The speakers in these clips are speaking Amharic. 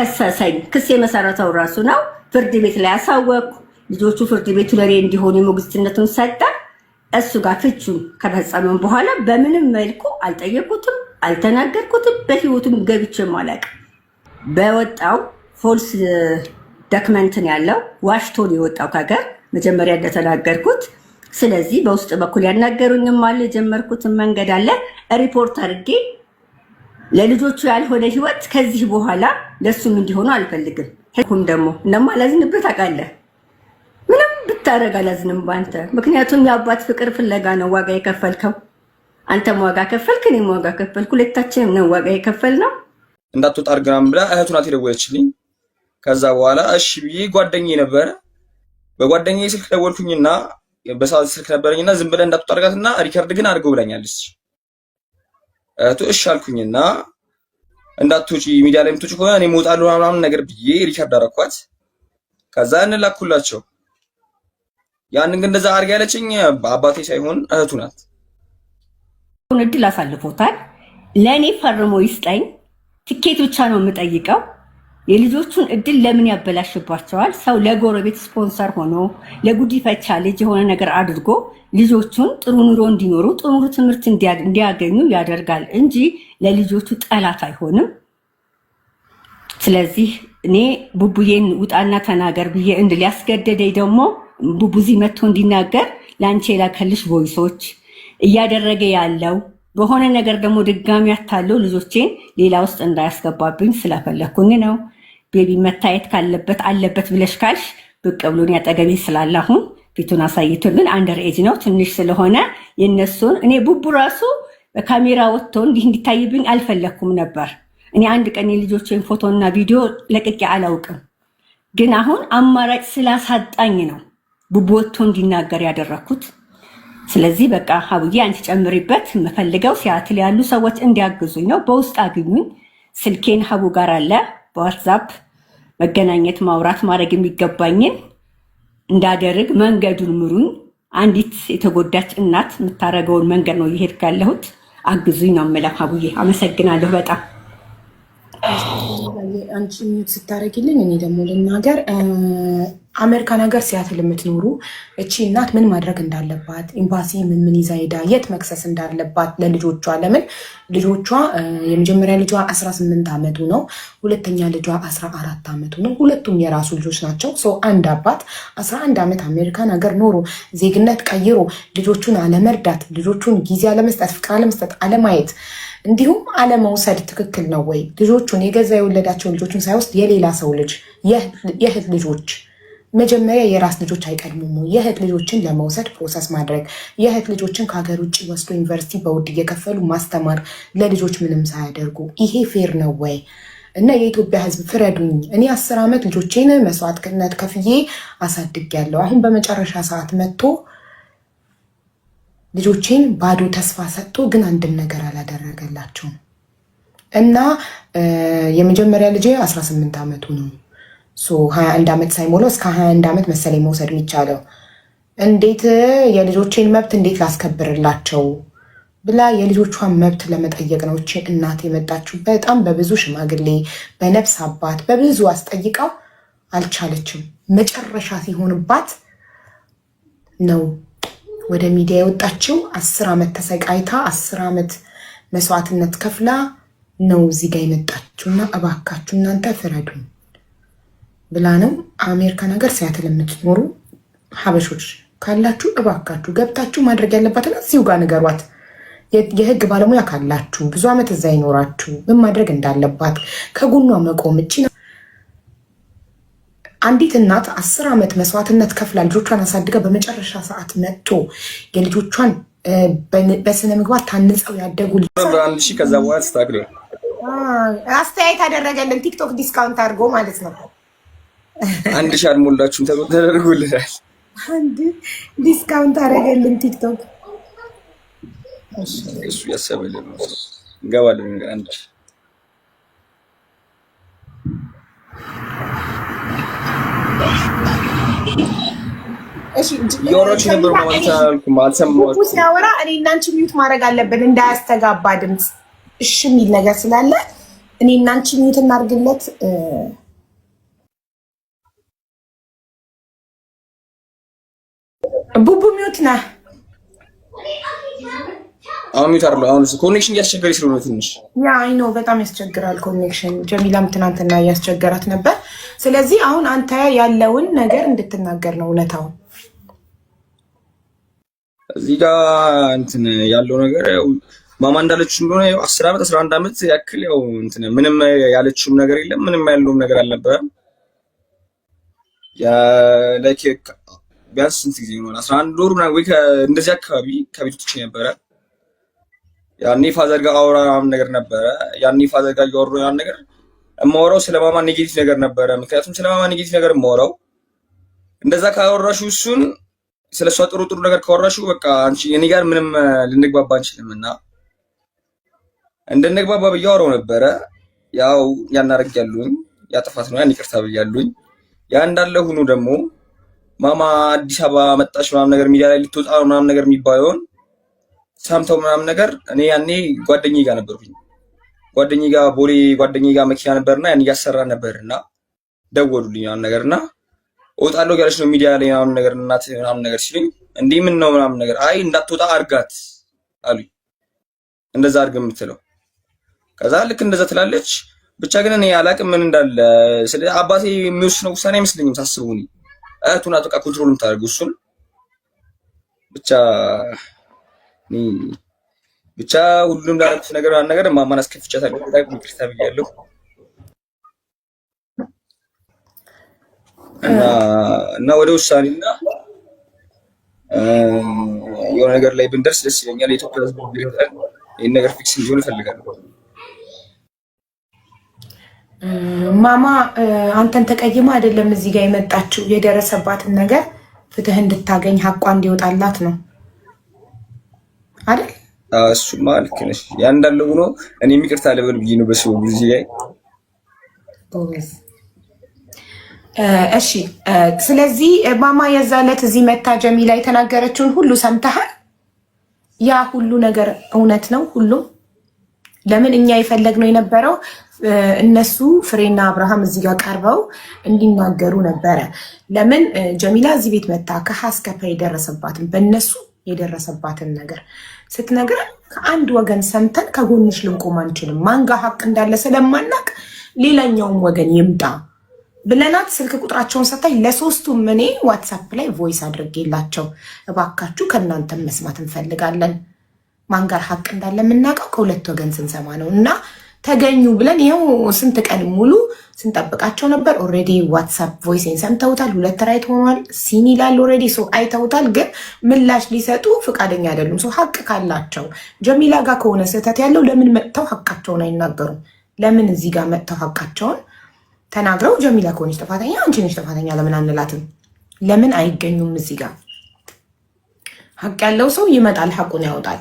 ከሰሰኝ። ክስ የመሰረተው ራሱ ነው። ፍርድ ቤት ላይ አሳወቅኩ። ልጆቹ ፍርድ ቤቱ ለእኔ እንዲሆኑ የሞግዚትነቱን ሰጠ። እሱ ጋር ፍቹን ከፈጸመም በኋላ በምንም መልኩ አልጠየቁትም፣ አልተናገርኩትም። በህይወቱም ገብቼም አላውቅም። በወጣው ፎልስ ዶክመንትን ያለው ዋሽቶን የወጣው ከሀገር መጀመሪያ እንደተናገርኩት ስለዚህ በውስጥ በኩል ያናገሩኝም አለ የጀመርኩትን መንገድ አለ ሪፖርት አድርጌ ለልጆቹ ያልሆነ ህይወት ከዚህ በኋላ ለእሱም እንዲሆኑ አልፈልግም። ሁም ደግሞ እንደማላዝንበት አውቃለህ። ምንም ብታደረግ አላዝንም በአንተ ምክንያቱም የአባት ፍቅር ፍለጋ ነው ዋጋ የከፈልከው። አንተም ዋጋ ከፈልክ፣ እኔም ዋጋ ከፈልኩ። ሁለታችንም ነው ዋጋ የከፈል ነው። እንዳትወጣ አድርገናም ብላ እህቱ ናት የደወለችልኝ። ከዛ በኋላ እሺ ብዬ ጓደኛዬ ነበረ በጓደኛዬ ስልክ ደወልኩኝና በሰዓት ስልክ ነበረኝና ዝም ብለህ እንዳትወጣ አድርጋትና ሪከርድ ግን አድርገው ብላኛለች። እሺ አልኩኝና እንዳትወጪ ሚዲያ ላይ የምትወጪ ከሆነ እኔ እወጣለሁ ምናምን ነገር ብዬ ሪከርድ አደረኳት። ከዛ እንላኩላቸው ያንን ግን እንደዛ አድርጋ ያለችኝ አባቴ ሳይሆን እህቱ ናት። እድል አሳልፎታል። ለእኔ ፈርሞ ይስጠኝ። ትኬት ብቻ ነው የምጠይቀው። የልጆቹን እድል ለምን ያበላሽባቸዋል? ሰው ለጎረቤት ስፖንሰር ሆኖ ለጉዲፈቻ ልጅ የሆነ ነገር አድርጎ ልጆቹን ጥሩ ኑሮ እንዲኖሩ ጥሩ ትምህርት እንዲያገኙ ያደርጋል እንጂ ለልጆቹ ጠላት አይሆንም። ስለዚህ እኔ ቡቡዬን ውጣና ተናገር ብዬ እንድ ሊያስገደደኝ ደግሞ ቡቡዚ መጥቶ እንዲናገር ለአንቺ የላከልሽ ቮይሶች እያደረገ ያለው በሆነ ነገር ደግሞ ድጋሚ ያታለው ልጆቼን ሌላ ውስጥ እንዳያስገባብኝ ስለፈለግኩኝ ነው። ቤቢ መታየት ካለበት አለበት ብለሽ ካልሽ ብቅ ብሎን ያጠገቢ ስላለ አሁን ፊቱን አሳይቶን፣ አንደር ኤጅ ነው ትንሽ ስለሆነ የነሱን እኔ ቡቡ ራሱ ካሜራ ወጥቶ እንዲህ እንዲታይብኝ አልፈለግኩም ነበር። እኔ አንድ ቀን የልጆችን ፎቶና ቪዲዮ ለቅቄ አላውቅም፣ ግን አሁን አማራጭ ስላሳጣኝ ነው ቡቡ ወጥቶ እንዲናገር ያደረግኩት። ስለዚህ በቃ ሀቡዬ አንቺ ጨምሪበት፣ የምፈልገው ሲያትል ያሉ ሰዎች እንዲያግዙኝ ነው። በውስጥ አግኙኝ፣ ስልኬን ሀቡ ጋር አለ በዋትሳፕ መገናኘት፣ ማውራት፣ ማድረግ የሚገባኝን እንዳደርግ መንገዱን ምሩኝ። አንዲት የተጎዳች እናት የምታደርገውን መንገድ ነው እየሄድኩ ያለሁት። አግዙኝ ነው የምለው። አቡዬ አመሰግናለሁ በጣም አንቺ ስታደርጊልኝ እኔ ደግሞ ልናገር አሜሪካን ሀገር ሲያትል የምትኖሩ እቺ እናት ምን ማድረግ እንዳለባት ኤምባሲ ምን ምን ይዛ ሄዳ የት መክሰስ እንዳለባት ለልጆቿ ለምን ልጆቿ የመጀመሪያ ልጇ 18 ዓመቱ ነው። ሁለተኛ ልጇ 14 ዓመቱ ነው። ሁለቱም የራሱ ልጆች ናቸው። ሰው አንድ አባት 11 ዓመት አሜሪካን ሀገር ኖሮ ዜግነት ቀይሮ ልጆቹን አለመርዳት፣ ልጆቹን ጊዜ አለመስጠት፣ ፍቅር አለመስጠት፣ አለማየት እንዲሁም አለመውሰድ ትክክል ነው ወይ? ልጆቹን የገዛ የወለዳቸውን ልጆቹን ሳይወስድ የሌላ ሰው ልጅ የእህት ልጆች መጀመሪያ የራስ ልጆች አይቀድሙም የእህት ልጆችን ለመውሰድ ፕሮሰስ ማድረግ የእህት ልጆችን ከሀገር ውጭ ወስዶ ዩኒቨርሲቲ በውድ እየከፈሉ ማስተማር ለልጆች ምንም ሳያደርጉ ይሄ ፌር ነው ወይ? እና የኢትዮጵያ ሕዝብ ፍረዱኝ። እኔ አስር ዓመት ልጆቼን መስዋዕትነት ከፍዬ ያለው አሁን በመጨረሻ ሰዓት መጥቶ ልጆቼን ባዶ ተስፋ ሰጥቶ ግን አንድም ነገር አላደረገላቸውም። እና የመጀመሪያ ልጄ 18 ዓመቱ ነው። ሀያ አንድ ዓመት ሳይሞላው እስከ ሀያ አንድ ዓመት መሰለኝ መውሰድ የሚቻለው እንዴት የልጆቼን መብት እንዴት ላስከብርላቸው ብላ የልጆቿን መብት ለመጠየቅ ነው እቺ እናት የመጣችው። በጣም በብዙ ሽማግሌ፣ በነፍስ አባት፣ በብዙ አስጠይቃ አልቻለችም። መጨረሻ ሲሆንባት ነው ወደ ሚዲያ የወጣችው። አስር ዓመት ተሰቃይታ አስር ዓመት መስዋዕትነት ከፍላ ነው እዚህ ጋ የመጣችሁና እባካችሁ እናንተ ፍረዱኝ። ብላ ነው አሜሪካን ሀገር ሲያትል የምትኖሩ ሀበሾች ካላችሁ እባካችሁ ገብታችሁ ማድረግ ያለባትን እዚሁ ጋር ንገሯት። የህግ ባለሙያ ካላችሁ ብዙ ዓመት እዛ ይኖራችሁ ምን ማድረግ እንዳለባት ከጎኗ መቆም እቺ አንዲት እናት አስር ዓመት መስዋዕትነት ከፍላ ልጆቿን አሳድጋ በመጨረሻ ሰዓት መጥቶ የልጆቿን በስነ ምግባር ታንጸው ያደጉ ከዛ በኋላ አስተያየት አደረገልን ቲክቶክ ዲስካውንት አድርጎ ማለት ነው። አንድ ሺህ አልሞላችሁም ተደርጎልናል። አንድ ዲስካውንት አደረገልን ቲክቶክ እሱ ያሰበልን እንገባለን። አንድ የሆናችሁ ነበር ማለት አላልኩም። አልሰማሁም ሲያወራ እኔ እናንቺ ሚዩት ማድረግ አለብን እንዳያስተጋባ ድምፅ። እሺ የሚል ነገር ስላለ እኔ እናንቺ ሚዩት እናድርግለት። ቡቡ ሚውት ና አሁን ሚውት አርሎ አሁን ኮኔክሽን እያስቸገረ ስለሆነ ትንሽ ያ አይ ኖ በጣም ያስቸግራል ኮኔክሽን። ጀሚላም ትናንትና እያስቸገራት ነበር። ስለዚህ አሁን አንተ ያለውን ነገር እንድትናገር ነው እውነታውን። እዚህ ጋር እንትን ያለው ነገር ያው ማማ እንዳለችው እንደሆነ ያው 10 ዓመት 11 ዓመት ያክል ያው እንትን ምንም ያለችውም ነገር የለም ምንም ያለውም ነገር አልነበረም። ያ ላይክ ቢያንስ ስንት ጊዜ ሆኗል? አስራ አንድ ወር ምናምን ወይ እንደዚህ አካባቢ ከቤት ውጭ ነበረ። ያኔ ፋዘር ጋር አውራ ምናምን ነገር ነበረ። ያኔ ፋዘር ጋር እያወሩ ያን ነገር የማወራው ስለ ማማ ኔጌቲቭ ነገር ነበረ። ምክንያቱም ስለ ማማ ኔጌቲቭ ነገር የማወራው እንደዛ ካወራሹ እሱን ስለ እሷ ጥሩ ጥሩ ነገር ካወራሹ በቃ አንቺ እኔ ጋር ምንም ልንግባባ አንችልም እና እንደነግባባ ብዬ አወራው ነበረ። ያው ያናረግ ያሉኝ ያጥፋት ነው ያን ይቅርታ ብያሉኝ። ያ እንዳለ ሁኖ ደግሞ ማማ አዲስ አበባ መጣሽ ምናምን ነገር ሚዲያ ላይ ልትወጣ ምናምን ነገር የሚባለውን ሰምተው ምናምን ነገር እኔ ያኔ ጓደኝ ጋር ነበርኩኝ። ጓደኝ ጋር ቦሌ ጓደኝ ጋር መኪና ነበርና ያን እያሰራ ነበር እና ደወሉልኝ ምናምን ነገር እና እወጣለሁ ያለች ነው ሚዲያ ላይ ምናምን ነገር እናት ምናምን ነገር ሲሉኝ እንዲህ ምን ነው ምናምን ነገር አይ እንዳትወጣ አርጋት አሉኝ። እንደዛ አድርግ የምትለው ከዛ ልክ እንደዛ ትላለች። ብቻ ግን እኔ አላቅም ምን እንዳለ አባቴ የሚወስነው ውሳኔ አይመስለኝም ሳስቡኝ እህቱን አጥቃ ኮንትሮል የምታደርገው እሱን ብቻ ብቻ ሁሉም ላረኩት ነገር አንድ ማማን አስከፍቻታለሁ። በጣም ይቅርታ ብያለሁ እና ወደ ውሳኔና የሆነ ነገር ላይ ብንደርስ ደስ ይለኛል። የኢትዮጵያ ሕዝብ ይህን ነገር ፊክስ እንዲሆን እፈልጋለሁ። ማማ አንተን ተቀይማ አይደለም እዚህ ጋር የመጣችው። የደረሰባትን ነገር ፍትህ እንድታገኝ ሀቋ እንዲወጣላት ነው አይደል? እሱማ ልክ ነሽ። ያን እንዳለ ሆኖ እኔ የሚቅርታ ልበል ብዬ ነው በሰው ጊዜ ላይ እሺ። ስለዚህ ማማ የዛ ዕለት እዚህ መታ ጀሚላ የተናገረችውን ሁሉ ሰምተሃል። ያ ሁሉ ነገር እውነት ነው ሁሉም ለምን እኛ የፈለግነው የነበረው እነሱ ፍሬና አብርሃም እዚህ ጋር ቀርበው እንዲናገሩ ነበረ። ለምን ጀሚላ እዚህ ቤት መታ ከሀ እስከ የደረሰባትን በእነሱ የደረሰባትን ነገር ስትነግረን ከአንድ ወገን ሰምተን ከጎንሽ ልንቆም አንችልም፣ ማንጋ ሀቅ እንዳለ ስለማናቅ ሌላኛውም ወገን ይምጣ ብለናት ስልክ ቁጥራቸውን ሰታኝ ለሶስቱም እኔ ዋትሳፕ ላይ ቮይስ አድርጌላቸው እባካችሁ ከእናንተም መስማት እንፈልጋለን ማን ጋር ሀቅ እንዳለ የምናውቀው ከሁለት ወገን ስንሰማ ነው። እና ተገኙ ብለን ይኸው ስንት ቀን ሙሉ ስንጠብቃቸው ነበር። ኦልሬዲ ዋትሳፕ ቮይሴን ሰምተውታል። ሁለት ራይት ሆኗል። ሲን ይላል ኦልሬዲ ሰው አይተውታል፣ ግን ምላሽ ሊሰጡ ፈቃደኛ አይደሉም። ሰው ሀቅ ካላቸው ጀሚላ ጋር ከሆነ ስህተት ያለው ለምን መጥተው ሀቃቸውን አይናገሩም? ለምን እዚህ ጋር መጥተው ሀቃቸውን ተናግረው ጀሚላ ከሆነች ጥፋተኛ፣ አንቺ ነች ጥፋተኛ ለምን አንላትም? ለምን አይገኙም እዚህ ጋር? ሀቅ ያለው ሰው ይመጣል፣ ሀቁን ያወጣል።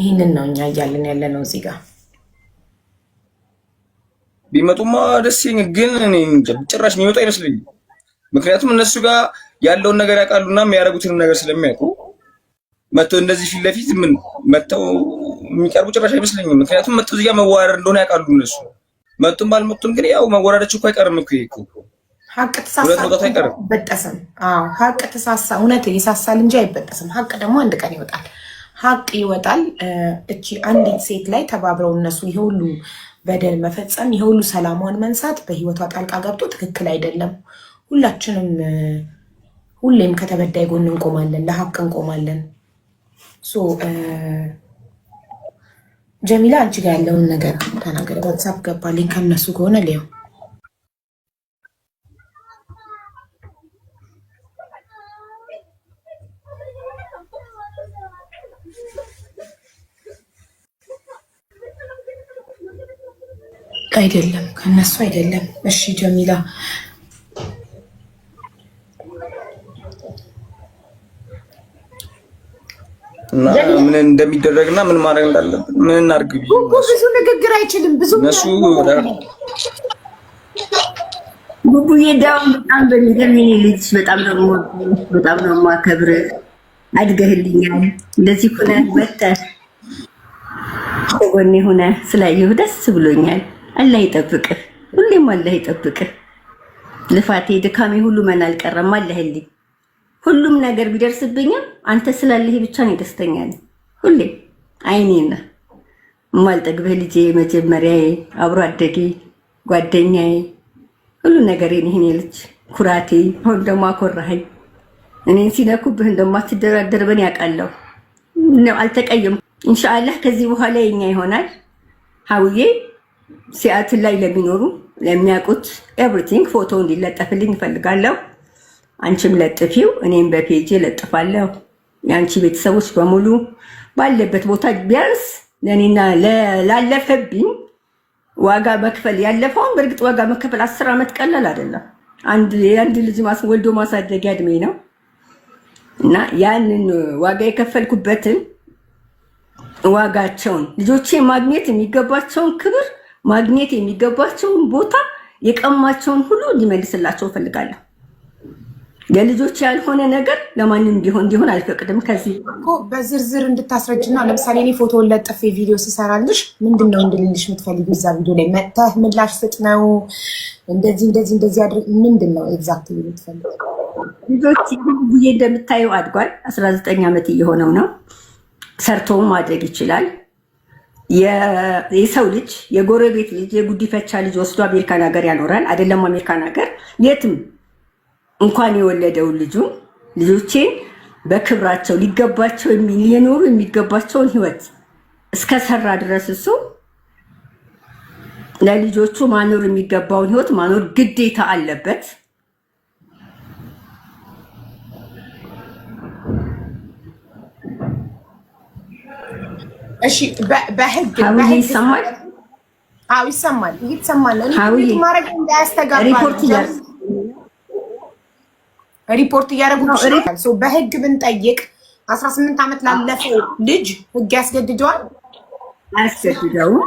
ይህንን ነው እኛ እያለን ያለ ነው። እዚህ ጋር ቢመጡማ ደስ ይለኛል፣ ግን ጭራሽ የሚመጡ አይመስለኝም። ምክንያቱም እነሱ ጋር ያለውን ነገር ያውቃሉና የሚያደርጉትን ነገር ስለሚያውቁ መተው እንደዚህ ፊት ለፊት ምን መተው የሚቀርቡ ጭራሽ አይመስለኝም። ምክንያቱም መተው እዚህ ጋር መወራረድ እንደሆነ ያውቃሉ እነሱ። መጡም ባልመጡም ግን ያው መወራደች እኮ አይቀርም እኮ ይሄ እኮ ሀቅ ተሳሳ አይበጠስም። ሀቅ ተሳሳ እውነት ይሳሳል እንጂ አይበጠስም። ሀቅ ደግሞ አንድ ቀን ይወጣል። ሀቅ ይወጣል። እቺ አንዲት ሴት ላይ ተባብረው እነሱ ይሄ በደል መፈጸም፣ ይሄ ሰላሟን መንሳት በህይወቷ ጣልቃ ገብቶ ትክክል አይደለም። ሁላችንም ሁሌም ከተበዳይ ጎን እንቆማለን፣ ለሀቅ እንቆማለን። ጀሚላ አንቺ ጋር ያለውን ነገር ተናገረ። ዋትሳፕ ገባልኝ ከነሱ ከሆነ ሊያው አይደለም ከነሱ አይደለም። እሺ ጀሚላ ምን እንደሚደረግና ምን ማድረግ እንዳለብን ምን እናድርግ። ብዙ ንግግር አይችልም። ብዙ እነሱ ጉጉዬ ዳውን በጣም በሚገርመኝ ልጅ በጣም ነው በጣም ነው ማከብር አድገህልኛል። እንደዚህ ሁነህ ወጥተህ ከጎኔ ሁነህ ስላየሁ ደስ ብሎኛል። አላህ ይጠብቅህ። ሁሌም አላህ ይጠብቅህ። ልፋቴ ድካሜ ሁሉ መና አልቀረም አለህልኝ። ሁሉም ነገር ቢደርስብኝም አንተ ስላለህ ብቻ ነው ደስተኛ ሁሌም አይኔና የማልጠግብህ ልጄ፣ መጀመሪያዬ፣ አብሮ አደጌ፣ ጓደኛዬ፣ ሁሉ ነገር ይህን ልጅ ኩራቴ። አሁን ደግሞ አኮራኸኝ። እኔን ሲነኩብህ እንደማትደራደር በእኔ ያውቃለሁ። አልተቀየም። ኢንሻአላህ ከዚህ በኋላ የኛ ይሆናል ሀውዬ ሲያትል ላይ ለሚኖሩ ለሚያውቁት ኤቭሪቲንግ ፎቶ እንዲለጠፍልኝ እፈልጋለሁ። አንቺም ለጥፊው፣ እኔም በፔጅ ለጥፋለሁ። የአንቺ ቤተሰቦች በሙሉ ባለበት ቦታ ቢያንስ ለእኔና ላለፈብኝ ዋጋ መክፈል ያለፈውን በእርግጥ ዋጋ መከፈል አስር ዓመት ቀላል አይደለም። የአንድ ልጅ ወልዶ ማሳደጊያ እድሜ ነው እና ያንን ዋጋ የከፈልኩበትን ዋጋቸውን ልጆቼ ማግኘት የሚገባቸውን ክብር ማግኘት የሚገባቸውን ቦታ የቀማቸውን ሁሉ እንዲመልስላቸው እፈልጋለሁ። የልጆች ያልሆነ ነገር ለማንም ቢሆን እንዲሆን አልፈቅድም። ከዚህ በዝርዝር እንድታስረጅና ለምሳሌ እኔ ፎቶውን ለጥፌ ቪዲዮ ስሰራልሽ ምንድን ነው እንድልልሽ የምትፈልጊ? እዛ ቪዲዮ ላይ መጥተህ ምላሽ ስጥ ነው እንደዚህ እንደዚህ እንደዚህ አድርግ ምንድን ነው ኤግዛክት የምትፈልጊ? ልጆች ጉዬ እንደምታየው አድጓል። አስራ ዘጠኝ ዓመት እየሆነው ነው። ሰርቶም ማድረግ ይችላል። የሰው ልጅ የጎረቤት ልጅ የጉዲፈቻ ልጅ ወስዶ አሜሪካን ሀገር ያኖራል። አይደለም አሜሪካን ሀገር የትም እንኳን የወለደውን ልጁ ልጆቼን በክብራቸው ሊገባቸው ሊኖሩ የሚገባቸውን ህይወት እስከሰራ ድረስ እሱ ለልጆቹ ማኖር የሚገባውን ህይወት ማኖር ግዴታ አለበት። እሺ በህግ ይሰማል። አዎ ይሰማል፣ ይሰማል። ማድረግ እንዳያስተጋባ ሪፖርት እያደረጉ በህግ ብንጠይቅ አስራ ስምንት ዓመት ላለፈው ልጅ ህግ ያስገድደዋል። አያስገድደውም።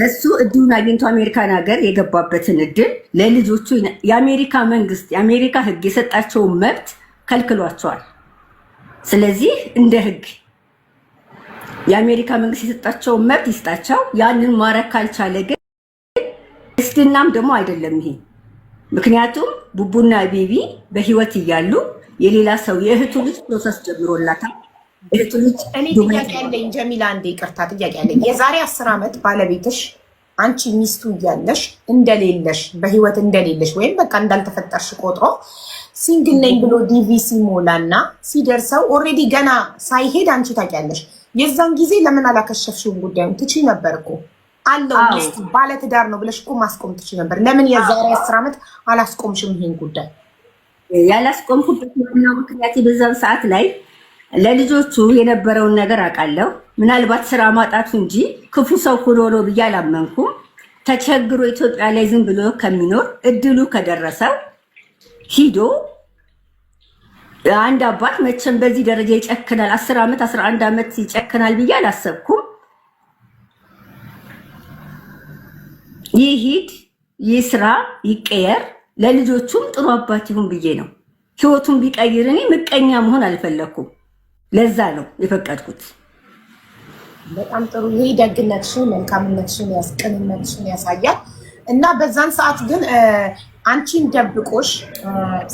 ለሱ እድሉን አግኝቶ አሜሪካን ሀገር የገባበትን እድል ለልጆቹ የአሜሪካ መንግስት የአሜሪካ ህግ የሰጣቸውን መብት ከልክሏቸዋል። ስለዚህ እንደ ህግ የአሜሪካ መንግስት የሰጣቸውን መብት ይስጣቸው። ያንን ማረግ ካልቻለ ግን እስልናም ደግሞ አይደለም ይሄ። ምክንያቱም ቡቡና ቤቢ በህይወት እያሉ የሌላ ሰው የእህቱ ልጅ ፕሮሰስ ጀምሮላታል። እህቱ ልጅ እኔ ጥያቄ ያለኝ ጀሚላ፣ አንዴ ይቅርታ ጥያቄ ያለኝ የዛሬ አስር ዓመት ባለቤትሽ አንቺ ሚስቱ እያለሽ እንደሌለሽ በህይወት እንደሌለሽ ወይም በቃ እንዳልተፈጠርሽ ቆጥሮ ሲንግል ነኝ ብሎ ዲቪ ሲሞላና ሲደርሰው ኦልሬዲ ገና ሳይሄድ አንቺ ታውቂያለሽ። የዛን ጊዜ ለምን አላከሸፍሽውን ጉዳዩን? ትቺ ነበር እኮ አለው ሚስት ባለትዳር ነው ብለሽ እኮ ማስቆም ትቺ ነበር። ለምን የዛሬ አስር ዓመት አላስቆምሽም ይሄን ጉዳይ? ያላስቆምኩበት ዋናው ምክንያት በዛን ሰዓት ላይ ለልጆቹ የነበረውን ነገር አውቃለሁ። ምናልባት ስራ ማጣቱ እንጂ ክፉ ሰው ሆኖ ነው ብዬ አላመንኩም። ተቸግሮ ኢትዮጵያ ላይ ዝም ብሎ ከሚኖር እድሉ ከደረሰው ሂዶ አንድ አባት መቼም በዚህ ደረጃ ይጨክናል፣ አስር ዓመት አስራ አንድ ዓመት ይጨክናል ብዬ አላሰብኩም። ይሂድ፣ ስራ ይቀየር፣ ለልጆቹም ጥሩ አባት ይሁን ብዬ ነው። ህይወቱን ቢቀይር እኔ ምቀኛ መሆን አልፈለኩም። ለዛ ነው የፈቀድኩት። በጣም ጥሩ። ይህ ደግነትሽን፣ መልካምነትሽን፣ ቅንነትሽን ያሳያል እና በዛን ሰዓት ግን አንቺን ደብቆሽ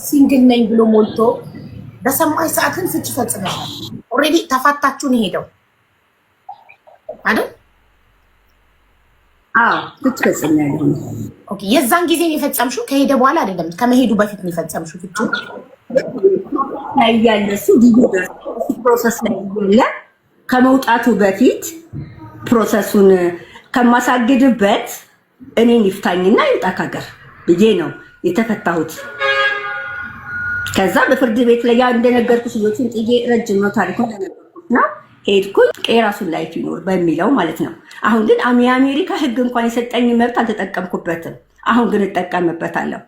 ሲንግል ነኝ ብሎ ሞልቶ በሰማይ ሰዓት ግን ፈጽመሻል። ኦልሬዲ ተፋታችሁን ሄደው አይደል? ፍች ፍቺ የዛን ጊዜ የፈጸምሽው ከሄደ በኋላ አይደለም፣ ከመሄዱ በፊት ነው የፈጸምሽው ያለ እሱ ፕሮሰስ ላይ እያለ ከመውጣቱ በፊት ፕሮሰሱን ከማሳግድበት እኔን ይፍታኝና ይውጣ ከሀገር ብዬ ነው የተፈታሁት። ከዛ በፍርድ ቤት ላይ ያ እንደነገርኩሽ ልጆቹን ጥዬ ረጅም ነው ታሪኩ ሄድኩኝ የራሱን ላይፍ ይኖር በሚለው ማለት ነው። አሁን ግን የአሜሪካ ሕግ እንኳን የሰጠኝ መብት አልተጠቀምኩበትም። አሁን ግን እጠቀምበታለሁ።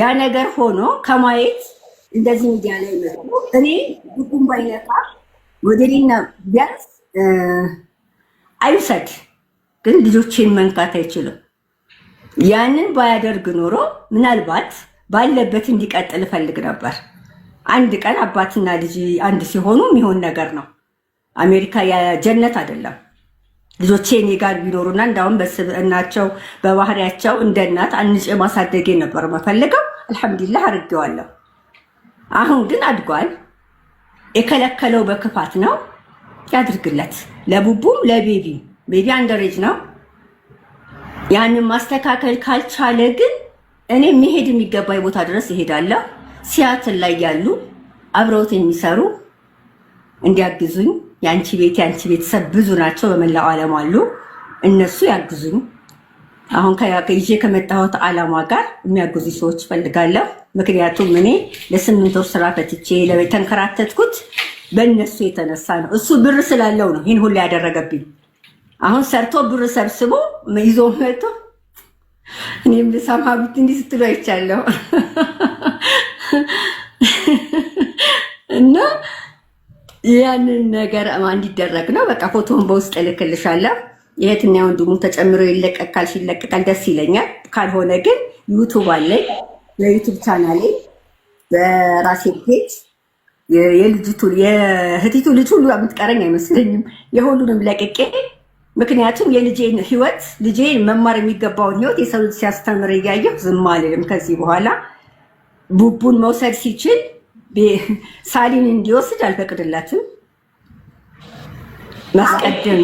ያ ነገር ሆኖ ከማየት እንደዚህ ሚዲያ ላይ መጥቶ እኔ ጉጉም ባይነካ ወደኔና ቢያንስ አይውሰድ፣ ግን ልጆቼን መንካት አይችልም። ያንን ባያደርግ ኖሮ ምናልባት ባለበት እንዲቀጥል እፈልግ ነበር። አንድ ቀን አባትና ልጅ አንድ ሲሆኑ የሚሆን ነገር ነው። አሜሪካ የጀነት አይደለም። ልጆቼ እኔ ጋር ቢኖሩና እንዳሁም በስብዕናቸው በባህሪያቸው እንደ እናት አንጭ ማሳደጌ ነበር መፈልገው። አልሐምዱሊላህ አድርጌዋለሁ። አሁን ግን አድጓል። የከለከለው በክፋት ነው። ያድርግለት፣ ለቡቡም ለቤቢ ቤቢ አንደሬጅ ነው። ያንን ማስተካከል ካልቻለ ግን እኔ መሄድ የሚገባኝ ቦታ ድረስ ይሄዳለሁ። ሲያትል ላይ ያሉ አብረውት የሚሰሩ እንዲያግዙኝ የአንቺ ቤት የአንቺ ቤተሰብ ብዙ ናቸው፣ በመላው ዓለም አሉ። እነሱ ያግዙኝ። አሁን ይዤ ከመጣሁት ዓላማ ጋር የሚያግዙ ሰዎች ፈልጋለሁ። ምክንያቱም እኔ ለስምንት ወር ስራ ፈትቼ ተንከራተትኩት በእነሱ የተነሳ ነው። እሱ ብር ስላለው ነው ይህን ሁሉ ያደረገብኝ። አሁን ሰርቶ ብር ሰብስቦ ይዞ መጥቶ እኔም ልሰማ እንዲህ ስትሉ አይቻለሁ እና ያንን ነገር እንዲደረግ ነው። በቃ ፎቶን በውስጥ እልክልሻለሁ። የእህትና የወንድሙ ተጨምሮ ይለቀቅ ካልሽ ይለቀቃል፣ ደስ ይለኛል። ካልሆነ ግን ዩቱብ አለኝ፣ በዩቱብ ቻናሌ በራሴ ፔጅ የልጅቱ የእህቲቱ ልጅ ሁሉ የምትቀረኝ አይመስለኝም። የሁሉንም ለቅቄ ምክንያቱም የልጄን ህይወት ልጄን መማር የሚገባውን ህይወት የሰው ልጅ ሲያስተምር እያየሁ ዝም አልልም። ከዚህ በኋላ ቡቡን መውሰድ ሲችል ሳሊን እንዲወስድ አልፈቅድላትም። ማስቀደም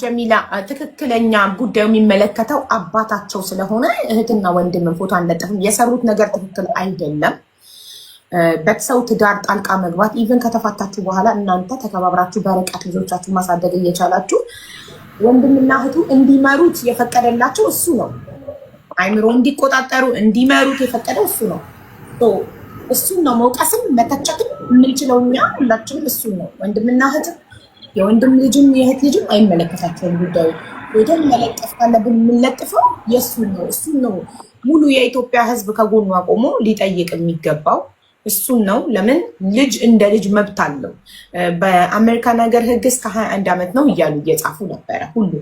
ጀሚላ ትክክለኛ ጉዳዩ የሚመለከተው አባታቸው ስለሆነ እህትና ወንድምን ፎቶ አንለጥፍም። የሰሩት ነገር ትክክል አይደለም። በሰው ትዳር ጣልቃ መግባት ኢቨን ከተፋታችሁ በኋላ እናንተ ተከባብራችሁ በርቀት ልጆቻችሁ ማሳደግ እየቻላችሁ ወንድምና እህቱ እንዲመሩት የፈቀደላቸው እሱ ነው። አይምሮ እንዲቆጣጠሩ እንዲመሩት የፈቀደው እሱ ነው። እሱን ነው መውቀስም መተቸትም የምንችለው እኛ ሁላችንም እሱን ነው። ወንድምና እህትም የወንድም ልጅም የእህት ልጅም አይመለከታቸውም ጉዳዩ። ወደ መለጠፍ ካለብን የምንለጥፈው የእሱን ነው። እሱን ነው ሙሉ የኢትዮጵያ ሕዝብ ከጎኑ አቆሞ ሊጠይቅ የሚገባው እሱን ነው። ለምን ልጅ እንደ ልጅ መብት አለው። በአሜሪካ ነገር ሕግ እስከ 21 አንድ ዓመት ነው እያሉ እየጻፉ ነበረ ሁሉ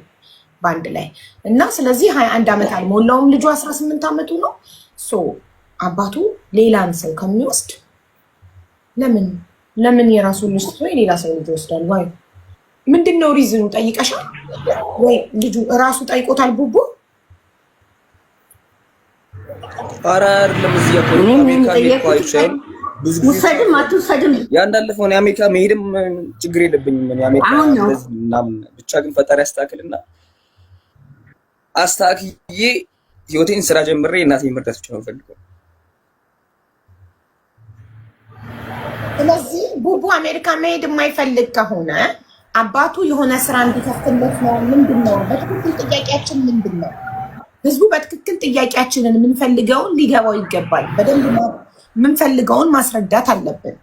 በአንድ ላይ እና ስለዚህ ሀያ አንድ ዓመት አልሞላውም ልጁ አስራ ስምንት ዓመቱ ነው። አባቱ ሌላን ሰው ከሚወስድ ለምን ለምን የራሱን ልጅ ትቶ የሌላ ሰው ልጅ ይወስዳል? ወይ ምንድን ነው ሪዝኑ? ጠይቀሻል ወይ? ልጁ እራሱ ጠይቆታል? ቡቡ ውሰድም አትውሰድም ያንዳለፈው የአሜሪካ መሄድም ችግር የለብኝም። ብቻ ግን ፈጣሪ አስተካክልና አስተካክዬ ህይወቴን ስራ ጀምሬ እናቴ መርዳት ብቻ ነው ፈልገው ስለዚህ ቡቡ አሜሪካ መሄድ የማይፈልግ ከሆነ አባቱ የሆነ ስራ እንዲከፍትለት ነው። ምንድን ነው በትክክል ጥያቄያችን ምንድን ነው? ህዝቡ በትክክል ጥያቄያችንን የምንፈልገውን ሊገባው ይገባል። በደንብ የምንፈልገውን ማስረዳት አለብን።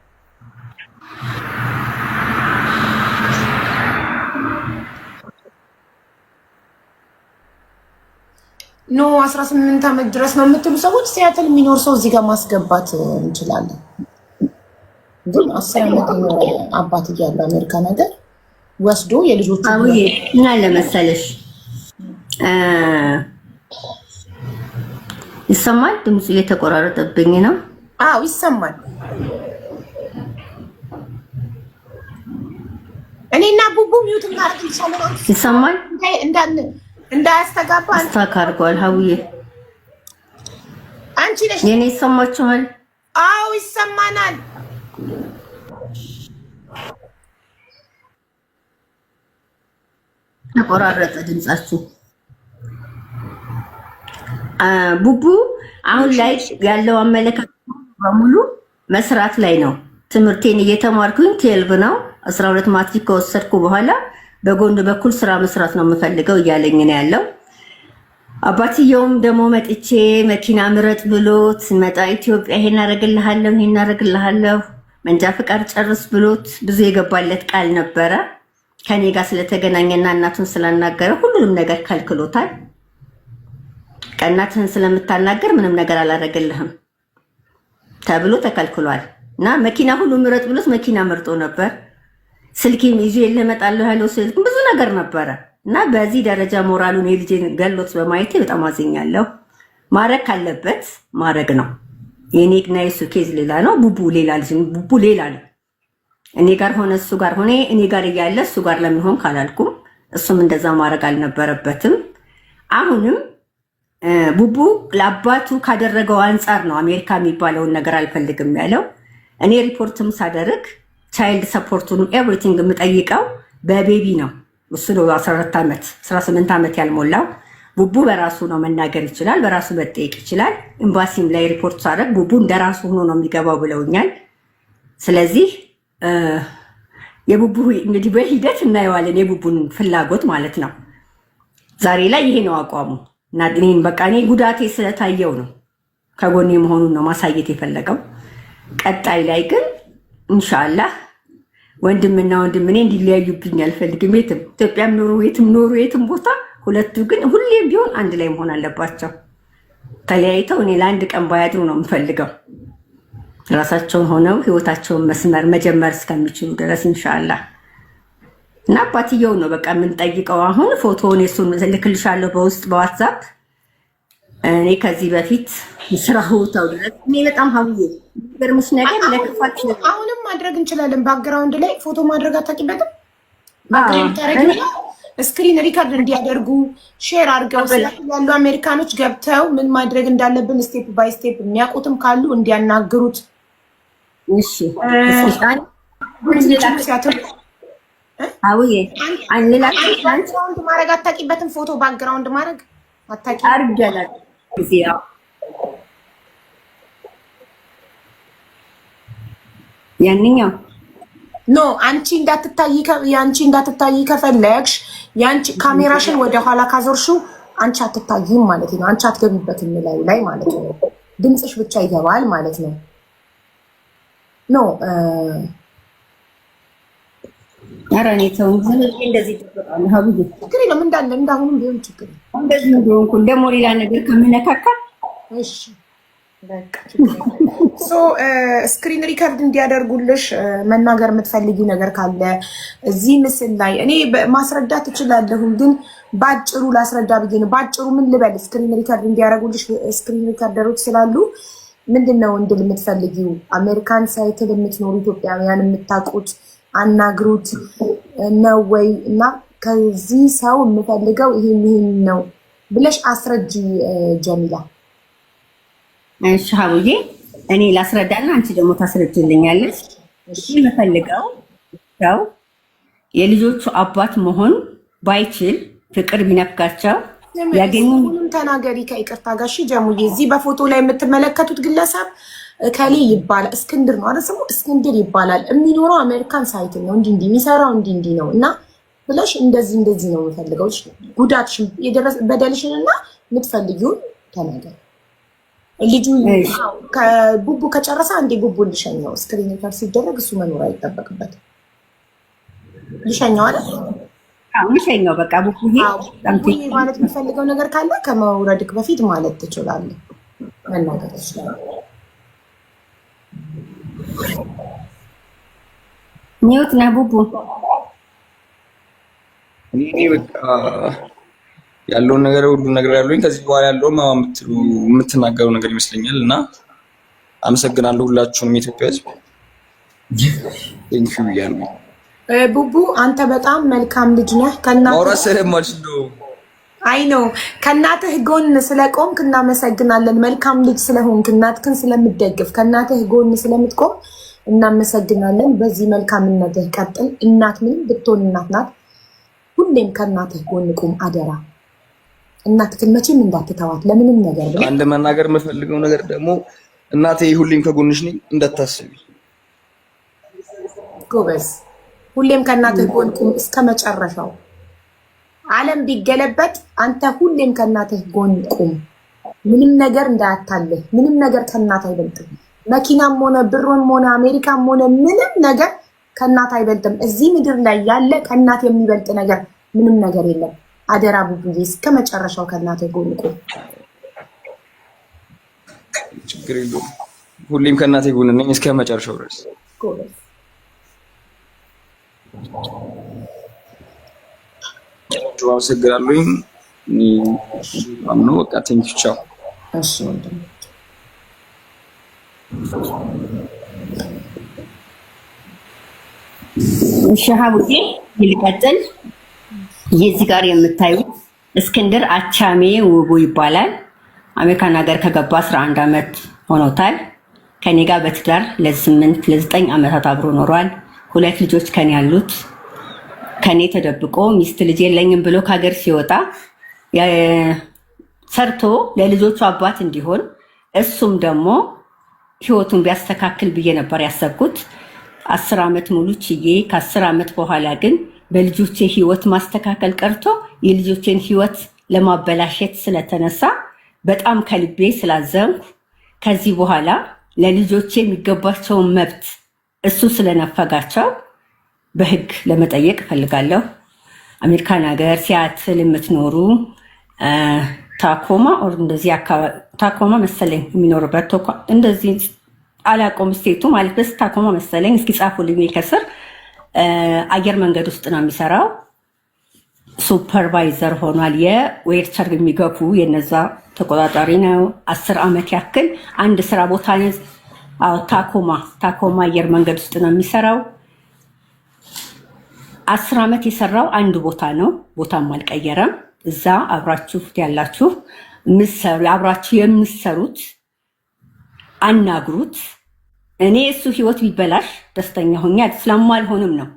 ኖ 18 ዓመት ድረስ ነው የምትሉ ሰዎች ሲያትል የሚኖር ሰው እዚህ ጋር ማስገባት እንችላለን። ግን አስር ዓመት የኖረ አባት እያለ አሜሪካ ነገር ወስዶ የልጆቹ ምን አለ ይሰማል። ድምፁ እየተቆራረጠብኝ ነው። አዎ ይሰማል። እኔና ቡቡ ሚዩት እናርግ ይሰማል። እንዳያስተጋባ ስታክ ሀውዬ አንቺ ነሽ የኔ ይሰማችኋል? አዎ ይሰማናል። ተቆራረጠ ድምጻችሁ። ቡቡ አሁን ላይ ያለው አመለካከት በሙሉ መስራት ላይ ነው። ትምህርቴን እየተማርኩኝ ቴልቭ ነው። 12 ሁለት ማትሪክ ከወሰድኩ በኋላ በጎን በኩል ስራ መስራት ነው የምፈልገው እያለኝ ነው ያለው። አባትየውም ደግሞ መጥቼ መኪና ምረጥ ብሎት መጣ ኢትዮጵያ ይሄን አደርግልሃለሁ ይሄን አደርግልሃለሁ መንጃ ፍቃድ ጨርስ ብሎት ብዙ የገባለት ቃል ነበረ። ከኔ ጋር ስለተገናኘና እናቱን ስላናገረ ሁሉንም ነገር ከልክሎታል። ቀናትህን ስለምታናገር ምንም ነገር አላደረግልህም ተብሎ ተከልክሏል። እና መኪና ሁሉ ምረጥ ብሎት መኪና መርጦ ነበር። ስልኬም ይዞ የለ እመጣለሁ ያለው ስልክ ብዙ ነገር ነበረ እና በዚህ ደረጃ ሞራሉን የልጄን ገሎት በማየቴ በጣም አዝኛለሁ። ማድረግ ካለበት ማድረግ ነው። የኔና የሱ ኬዝ ሌላ ነው። ቡቡ ሌላ ልጅ ቡቡ ሌላ ነው። እኔ ጋር ሆነ እሱ ጋር ሆነ እኔ ጋር እያለ እሱ ጋር ለምን ሆንክ አላልኩም። እሱም እንደዛ ማድረግ አልነበረበትም። አሁንም ቡቡ ለአባቱ ካደረገው አንጻር ነው አሜሪካ የሚባለውን ነገር አልፈልግም ያለው። እኔ ሪፖርትም ሳደርግ ቻይልድ ሰፖርቱን ኤቭሪቲንግ የምጠይቀው በቤቢ ነው። እሱ ነው 14 ዓመት 18 ዓመት ያልሞላው ቡቡ በራሱ ነው መናገር ይችላል፣ በራሱ መጠየቅ ይችላል። ኤምባሲም ላይ ሪፖርት ሳደርግ ቡቡ እንደራሱ ሆኖ ነው የሚገባው ብለውኛል። ስለዚህ የቡቡ እንግዲህ በሂደት እናየዋለን፣ የቡቡን ፍላጎት ማለት ነው። ዛሬ ላይ ይሄ ነው አቋሙ እና እኔን በቃ እኔ ጉዳቴ ስለታየው ነው ከጎኔ መሆኑን ነው ማሳየት የፈለገው። ቀጣይ ላይ ግን እንሻላህ ወንድምና ወንድም እኔ እንዲለያዩብኝ አልፈልግም። የትም ኢትዮጵያም ኖሩ የትም ኖሩ የትም ቦታ ሁለቱ ግን ሁሌም ቢሆን አንድ ላይ መሆን አለባቸው። ተለያይተው እኔ ለአንድ ቀን ባያድሩ ነው የምፈልገው። ራሳቸውን ሆነው ህይወታቸውን መስመር መጀመር እስከሚችሉ ድረስ እንሻላ እና አባትየው ነው በቃ የምንጠይቀው። አሁን ፎቶውን የሱን ልክልሻለሁ በውስጥ በዋትሳፕ እኔ ከዚህ በፊት ስራ ቦታው ድረስ እኔ በጣም ሀብዬ ገርምሽ ነገር ለክፋት አሁንም ማድረግ እንችላለን። ባክግራውንድ ላይ ፎቶ ማድረግ አታውቂበትም ስክሪን ሪካርድ እንዲያደርጉ ሼር አድርገው ያሉ አሜሪካኖች ገብተው ምን ማድረግ እንዳለብን ስቴፕ ባይ ስቴፕ የሚያውቁትም ካሉ እንዲያናግሩት። ባክግራውንድ ማድረግ አታውቂበትም። ፎቶ ባክግራውንድ ማድረግ አታውቂም። ያንኛው ኖ አንቺ እንዳትታይ አንቺ እንዳትታይ ከፈለግሽ ያንቺ ካሜራሽን ወደ ኋላ ካዞርሽው አንቺ አትታይም ማለት ነው። አንቺ አትገቢበትም ላዩ ላይ ማለት ነው። ድምፅሽ ብቻ ይገባል ማለት ነው። ኖ ችግር የለም እንዳለ እንዳሁኑም ቢሆን ችግር እንደዚህ ሆንኩ ደግሞ ሌላ ነገር ከምነካካ እሺ ስክሪን ሪከርድ እንዲያደርጉልሽ መናገር የምትፈልጊ ነገር ካለ እዚህ ምስል ላይ እኔ ማስረዳት እችላለሁም፣ ግን በአጭሩ ላስረዳ ብዬ ነው። በአጭሩ ምን ልበል? ስክሪን ሪከርድ እንዲያደርጉልሽ ስክሪን ሪከርደሮች ስላሉ ምንድን ነው እንድል የምትፈልጊው? አሜሪካን ሳይትል የምትኖሩ ኢትዮጵያውያን የምታውቁት አናግሩት ነው ወይ እና ከዚህ ሰው የምፈልገው ይህን ይህን ነው ብለሽ አስረጅ ጀሚላ። እሺ ሀቡዬ እኔ ላስረዳና አንቺ ደግሞ ታስረጅልኛለች። እሺ የምፈልገው ያው የልጆቹ አባት መሆን ባይችል ፍቅር ቢነፍጋቸው ያገኙም ተናገሪ። ከይቅርታ ጋር እሺ ጀሙዬ፣ እዚህ በፎቶ ላይ የምትመለከቱት ግለሰብ ከሌ ይባላል። እስክንድር ነው አይደል ስሙ? እስክንድር ይባላል። የሚኖረው አሜሪካን ሳይት ነው። እንዲህ እንዲህ የሚሰራው እንዲህ እንዲህ ነው እና ብለሽ እንደዚህ እንደዚህ ነው የምፈልገው። ጉዳትሽን፣ በደልሽን እና የምትፈልጊውን ተናገሪ። ልጁ ቡቡ ከጨረሰ አንዴ ቡቡ ልሸኘው ስክሪኒከር ሲደረግ እሱ መኖር አይጠበቅበት። ልሸኘው አለ ልሸኘው በቃ ቡቡ ማለት የሚፈልገው ነገር ካለ ከመውረድክ በፊት ማለት ትችላለህ፣ መናገር ትችላለህ። ኒውት ና ቡቡ ያለውን ነገር ሁሉ ነገር ያለኝ ከዚህ በኋላ ያለው የምትናገረው ነገር ይመስለኛል። እና አመሰግናለሁ ሁላችሁንም የኢትዮጵያ ሕዝብ ቴንኪው እያሉ ቡቡ፣ አንተ በጣም መልካም ልጅ ነህ። ከናማውራት ስለማልችል አይ ነው ከእናትህ ጎን ስለቆምክ እናመሰግናለን። መልካም ልጅ ስለሆንክ እናትህን ስለምትደግፍ ከእናትህ ጎን ስለምትቆም እናመሰግናለን። በዚህ መልካምነትህ ቀጥል። እናት ምንም ብትሆን እናት ናት። ሁሌም ከእናትህ ጎን ቁም አደራ። እናትክን መቼም እንዳትተዋት ለምንም ነገር ብለህ አንድ መናገር የምፈልገው ነገር ደግሞ እናቴ ሁሌም ከጎንሽ ነኝ እንዳታስቢ ጎበዝ። ሁሌም ከእናትህ ጎን ቁም እስከ መጨረሻው። ዓለም ቢገለበጥ አንተ ሁሌም ከእናትህ ጎን ቁም። ምንም ነገር እንዳያታልህ። ምንም ነገር ከእናት አይበልጥም። መኪናም ሆነ ብሮም ሆነ አሜሪካም ሆነ ምንም ነገር ከእናት አይበልጥም። እዚህ ምድር ላይ ያለ ከእናት የሚበልጥ ነገር ምንም ነገር የለም። አደራ ቡቡዬ እስከ መጨረሻው ከእናቴ ጎን ቁም። ችግር የለውም። ሁሌም ከእናቴ ጎን ነኝ እስከ መጨረሻው ድረስ። አመሰግናለሁኝ። በቃ ቴንኪው ቻው። እሺ ወንድም እሺ፣ ይልቀጥል የዚህ ጋር የምታዩት እስክንድር አቻሜ ውቡ ይባላል። አሜሪካን ሀገር ከገባ 11 ዓመት ሆኖታል። ከኔ ጋር በትዳር ለ8 ለ9 ዓመታት አብሮ ኖሯል። ሁለት ልጆች ከኔ ያሉት ከኔ ተደብቆ ሚስት ልጅ የለኝም ብሎ ከሀገር ሲወጣ ሰርቶ ለልጆቹ አባት እንዲሆን እሱም ደግሞ ህይወቱን ቢያስተካክል ብዬ ነበር ያሰብኩት። አስር ዓመት ሙሉ ችዬ ከአስር ዓመት በኋላ ግን በልጆቼ ህይወት ማስተካከል ቀርቶ የልጆቼን ህይወት ለማበላሸት ስለተነሳ በጣም ከልቤ ስላዘንኩ ከዚህ በኋላ ለልጆቼ የሚገባቸውን መብት እሱ ስለነፈጋቸው በህግ ለመጠየቅ እፈልጋለሁ። አሜሪካን ሀገር ሲያትል የምትኖሩ ታኮማ ኦር እንደዚህ ታኮማ መሰለኝ የሚኖርበት እንደዚህ አላቆም ስቴቱ ማለት በስ ታኮማ መሰለኝ። እስኪ ጻፉልኝ ከስር አየር መንገድ ውስጥ ነው የሚሰራው። ሱፐርቫይዘር ሆኗል። የዌርቸር የሚገፉ የነዛ ተቆጣጣሪ ነው። አስር ዓመት ያክል አንድ ስራ ቦታ ታኮማ ታኮማ አየር መንገድ ውስጥ ነው የሚሰራው። አስር ዓመት የሰራው አንድ ቦታ ነው። ቦታም አልቀየረም። እዛ አብራችሁ ያላችሁ አብራችሁ የምሰሩት አናግሩት። እኔ እሱ ህይወት ቢበላሽ ደስተኛ ሆኛ አልሆንም ነው።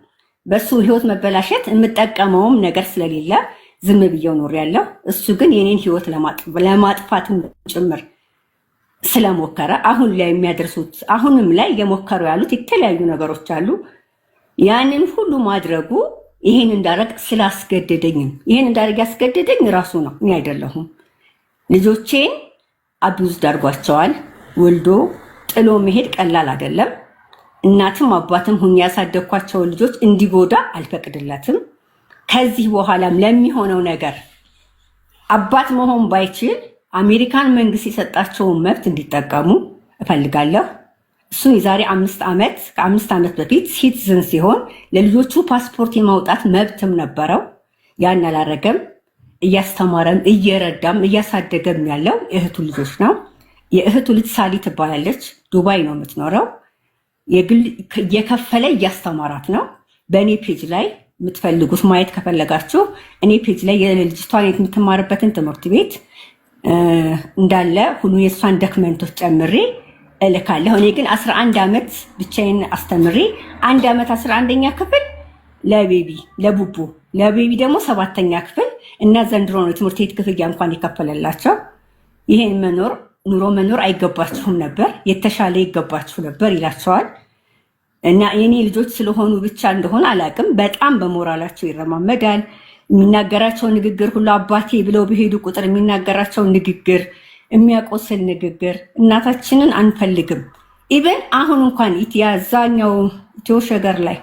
በሱ ህይወት መበላሸት የምጠቀመውም ነገር ስለሌለ ዝም ብዬው ኖር ያለው እሱ ግን የኔን ህይወት ለማጥፋትም ጭምር ስለሞከረ አሁን ላይ የሚያደርሱት አሁንም ላይ እየሞከሩ ያሉት የተለያዩ ነገሮች አሉ። ያንን ሁሉ ማድረጉ ይሄን እንዳረግ ስላስገደደኝም ይሄን እንዳረግ ያስገደደኝ ራሱ ነው፣ እኔ አይደለሁም። ልጆቼን አቢዩዝ ዳርጓቸዋል ወልዶ ጥሎ መሄድ ቀላል አይደለም። እናትም አባትም ሁኝ ያሳደግኳቸውን ልጆች እንዲጎዳ አልፈቅድለትም። ከዚህ በኋላም ለሚሆነው ነገር አባት መሆን ባይችል አሜሪካን መንግስት የሰጣቸውን መብት እንዲጠቀሙ እፈልጋለሁ። እሱም የዛሬ አምስት ዓመት ከአምስት ዓመት በፊት ሲቲዝን ሲሆን ለልጆቹ ፓስፖርት የማውጣት መብትም ነበረው። ያን አላረገም። እያስተማረም እየረዳም እያሳደገም ያለው እህቱ ልጆች ነው። የእህቱ ልጅ ሳሊ ትባላለች። ዱባይ ነው የምትኖረው። የከፈለ እያስተማራት ነው። በእኔ ፔጅ ላይ የምትፈልጉት ማየት ከፈለጋችሁ እኔ ፔጅ ላይ የልጅቷን የምትማርበትን ትምህርት ቤት እንዳለ ሁሉ የእሷን ደክመንቶች ጨምሬ እልካለሁ። እኔ ግን 11 ዓመት ብቻዬን አስተምሬ አንድ ዓመት 11ኛ ክፍል ለቤቢ ለቡቡ ለቤቢ ደግሞ ሰባተኛ ክፍል እና ዘንድሮ ነው ትምህርት ቤት ክፍያ እንኳን የከፈለላቸው ይሄን መኖር ኑሮ መኖር አይገባችሁም ነበር፣ የተሻለ ይገባችሁ ነበር ይላቸዋል። እና የኔ ልጆች ስለሆኑ ብቻ እንደሆነ አላቅም፣ በጣም በሞራላቸው ይረማመዳል። የሚናገራቸው ንግግር ሁሉ አባቴ ብለው በሄዱ ቁጥር የሚናገራቸው ንግግር የሚያቆስል ንግግር፣ እናታችንን አንፈልግም። ኢቨን አሁን እንኳን ያዛኛው ኢትዮሸገር ላይ